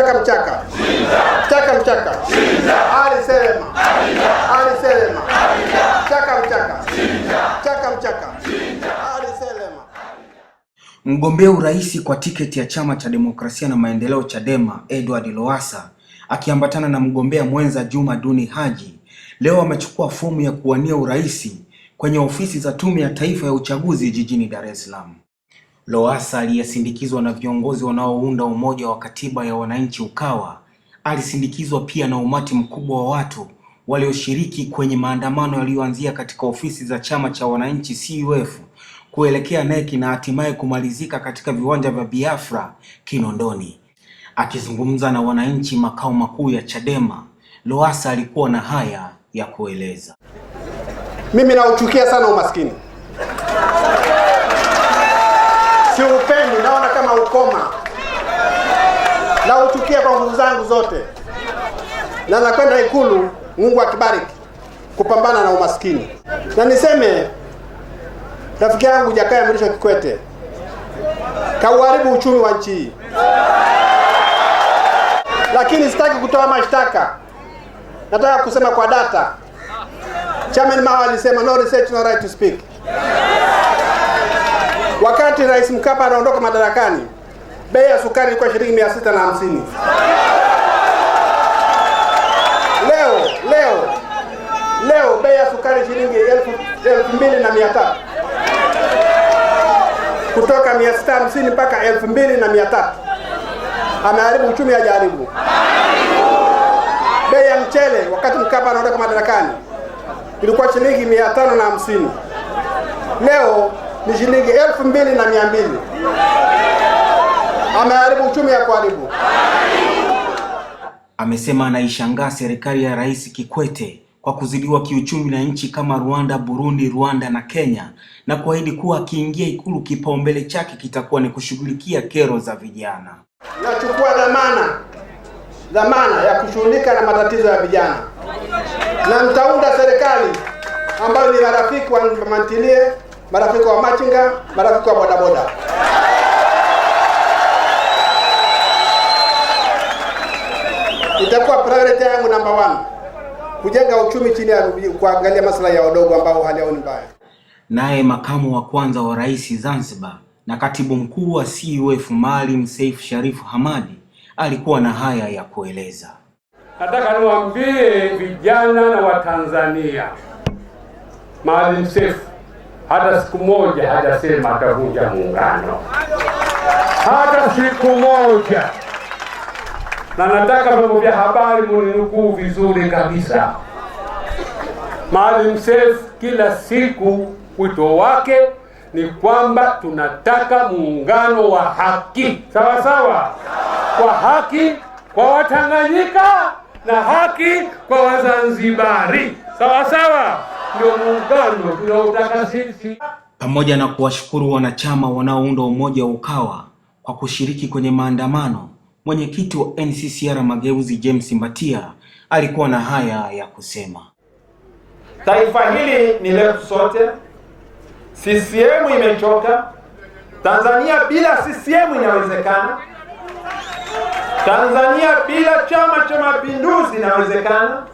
Mchaka mchaka mchaka mchaka Ali Selema Ali Selema mchaka mchaka mchaka mchaka Ali Selema. Mgombea urais kwa tiketi ya chama cha demokrasia na maendeleo Chadema Edward Lowassa akiambatana na mgombea mwenza Juma Duni Haji leo amechukua fomu ya kuwania urais kwenye ofisi za Tume ya Taifa ya Uchaguzi jijini Dar es Salaam. Lowassa aliyesindikizwa na viongozi wanaounda umoja wa katiba ya wananchi Ukawa alisindikizwa pia na umati mkubwa wa watu walioshiriki kwenye maandamano yaliyoanzia katika ofisi za chama cha wananchi CUF kuelekea NEC na hatimaye kumalizika katika viwanja vya Biafra Kinondoni. Akizungumza na wananchi makao makuu ya Chadema, Lowassa alikuwa na haya ya kueleza. Mimi nauchukia sana umaskini. nauchukia kwa nguvu zangu zote, na nakwenda Ikulu, Mungu akibariki, kupambana na umaskini. Na niseme rafiki yangu Jakaya Mrisho Kikwete kauharibu uchumi wa nchi hii, lakini sitaki kutoa mashtaka, nataka kusema kwa data. Chairman Mao alisema no research no right to speak. Wakati Rais Mkapa anaondoka madarakani bei ya sukari ilikuwa shilingi mia sita na hamsini. Leo leo leo bei ya sukari shilingi elfu mbili na mia tatu kutoka mia sita hamsini mpaka elfu mbili na mia tatu. Ameharibu uchumi, ajaribu Bei ya mchele wakati Mkapa anaondoka madarakani ilikuwa shilingi mia tano na hamsini, leo ni shilingi elfu mbili na mia mbili ameharibu uchumi ya kuharibu. Amesema anaishangaa serikali ya Rais Kikwete kwa kuzidiwa kiuchumi na nchi kama Rwanda, Burundi, Rwanda na Kenya na kuahidi kuwa akiingia Ikulu kipaumbele chake kitakuwa ni kushughulikia kero za vijana. Nachukua dhamana dhamana ya kushughulika na matatizo ya vijana na mtaunda serikali ambayo ni marafiki wa mantilie, marafiki wa machinga, marafiki wa bodaboda. Itakuwa priority yangu number one kujenga uchumi chini ya kuangalia maslahi ya wadogo ambao hali yao ni mbaya. Naye makamu wa kwanza wa rais Zanzibar na katibu mkuu wa CUF e Maalim Seif Sharif Hamadi alikuwa na haya ya kueleza. Nataka niwaambie vijana na Watanzania, Maalim Seif hata siku moja hajasema atavunja muungano, hata siku moja na nataka vyombo vya habari muninukuu vizuri kabisa. Maalim Seif kila siku wito wake ni kwamba tunataka muungano wa haki, sawa sawa, kwa haki kwa Watanganyika na haki kwa Wazanzibari, sawa sawa, ndio muungano tunaotaka sisi. Pamoja na kuwashukuru wanachama wanaounda umoja wa UKAWA kwa kushiriki kwenye maandamano Mwenyekiti wa NCCR Mageuzi James Mbatia alikuwa na haya ya kusema. Taifa hili ni letu sote. CCM imechoka. Tanzania bila CCM inawezekana. Tanzania bila Chama cha Mapinduzi inawezekana.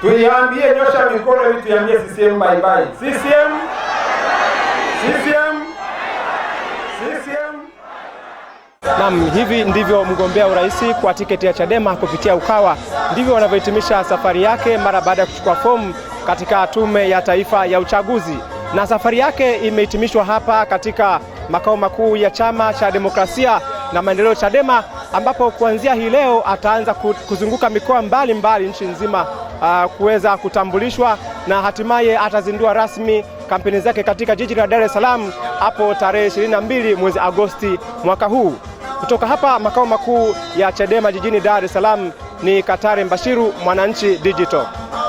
Tuiambie, nyosha mikono hivi tuiambie CCM bye bye. CCM CCM CCM Naam, hivi ndivyo mgombea urais kwa tiketi ya Chadema kupitia Ukawa ndivyo wanavyohitimisha safari yake mara baada ya kuchukua fomu katika Tume ya Taifa ya Uchaguzi, na safari yake imehitimishwa hapa katika makao makuu ya Chama cha Demokrasia na Maendeleo Chadema, ambapo kuanzia hii leo ataanza kuzunguka mikoa mbalimbali mbali nchi nzima uh, kuweza kutambulishwa na hatimaye atazindua rasmi kampeni zake katika jiji la Dar es Salaam hapo tarehe 22 mwezi Agosti mwaka huu. Kutoka hapa makao makuu ya Chadema jijini Dar es Salaam ni Katare Mbashiru, Mwananchi Digital.